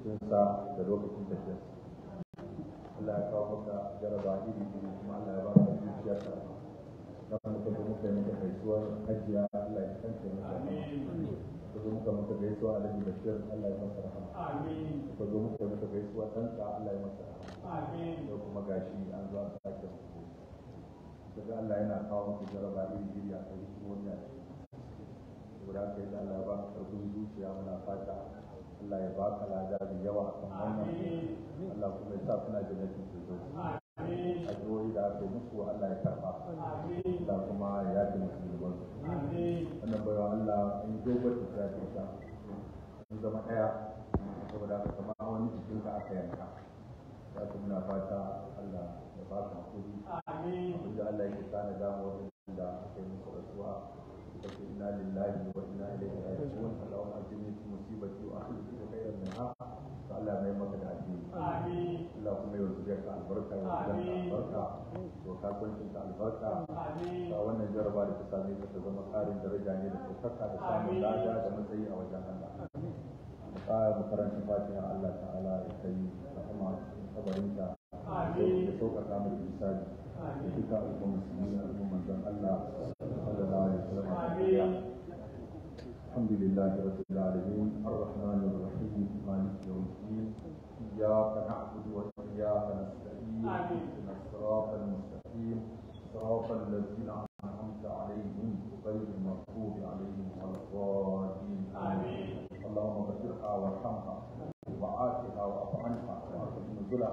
sa da lokacin ke. Allah ya kawo maka jaraba iri iri kuma Allah ya ba ka zuciya ta kuma ka zo muka maka gaisuwar hajiya Allah ya kanta maka amin ka zo muka maka gaisuwa Alhaji Bashir Allah ya masa rahama amin ka zo muka maka gaisuwa ɗanka Allah ya masa rahama amin kuma gashi an zo aka sake muku daga Allah yana kawo maka jaraba iri iri a kan hikimomi a cikin saboda haka da Allah ya ba ka karfin zuciya muna fata Allah ya baka lada da yawa kan wannan Allah kuma ya sa kuna jannatin firdaus wani da aka musu Allah ya karba da kuma ya fi musulman wannan bayan Allah in su sa ta ta sun zama ɗaya saboda aka kama wani cikin ka aka yanka za ku muna fata Allah ya ba ka hakuri abinda Allah ya ke sa na damuwa da aka yi musu rasuwa inna lillahi wa inna ilaihi raji'un Allahumma ajini fi musibati wa akhlifni fi khayrin minha fa Allah mai maka da ajini amin Allah kuma ya zuya ka albarka ya zuya ka albarka ka kunta ka albarka ba wannan jarraba da ta same ka ta zama karin daraja ne da kokarka da samun lada da matsayi a wajen Allah amin ka ba karanta fatiha Allah ta'ala ya kai rahama cikin kabarinka amin ya sauka ka mu misali amin ya kika ku musulmi al'umma dan Allah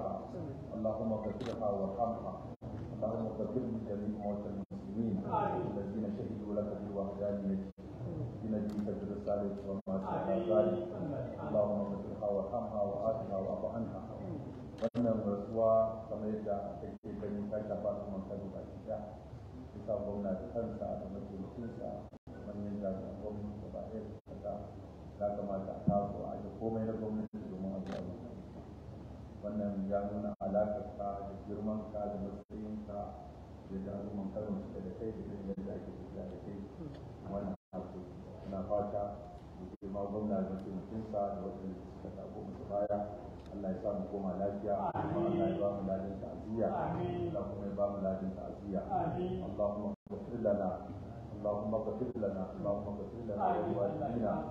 لها اللهم اغفرها وارحمها اللهم اغفر لجميع موتى المسلمين الذين شهدوا لك بالوحدانية بنبيك برسالة وما اللهم وارحمها وآتها واعف عنها rasuwa kamar take ganin ta shafa kuma ta da kansa da mataimakinsa manyan jami'an gwamnati kamata a taso a komai na ya nuna alaƙarsa da girman da matsayin ka da jaruman karin suka da kai da irin yadda ake tafiya da kai wannan abu na fata da girma gwamna da mutuncinsa da waɗanda suka tabo musu baya Allah ya sa mu koma lafiya Allah ya ba mu ladin ta'aziyya Allah kuma ya ba mu ladin ta'aziyya Allahumma ighfir lana اللهم اغفر لنا اللهم اغفر لنا ولوالدينا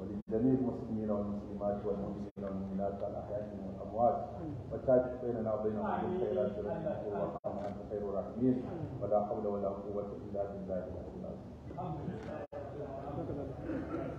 ولجميع المسلمين والمسلمات والمؤمنين والمؤمنات الاحياء منهم والاموات وتاج بيننا وبينهم بالخيرات برحمتك وارحمنا انت خير الراحمين ولا حول ولا قوه الا بالله العلي العظيم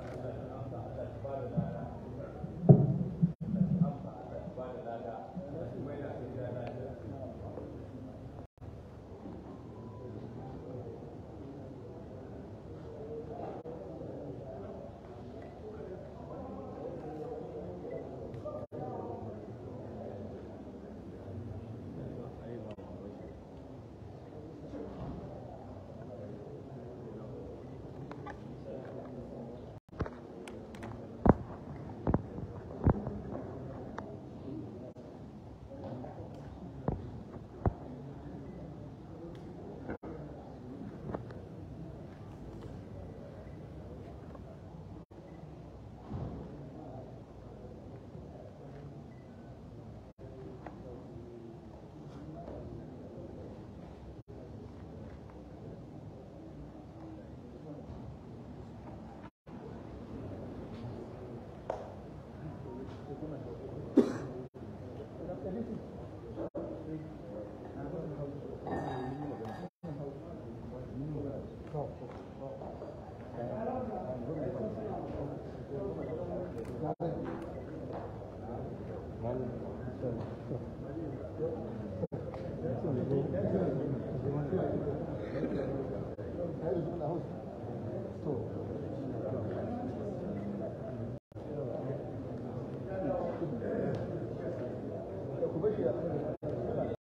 জানেন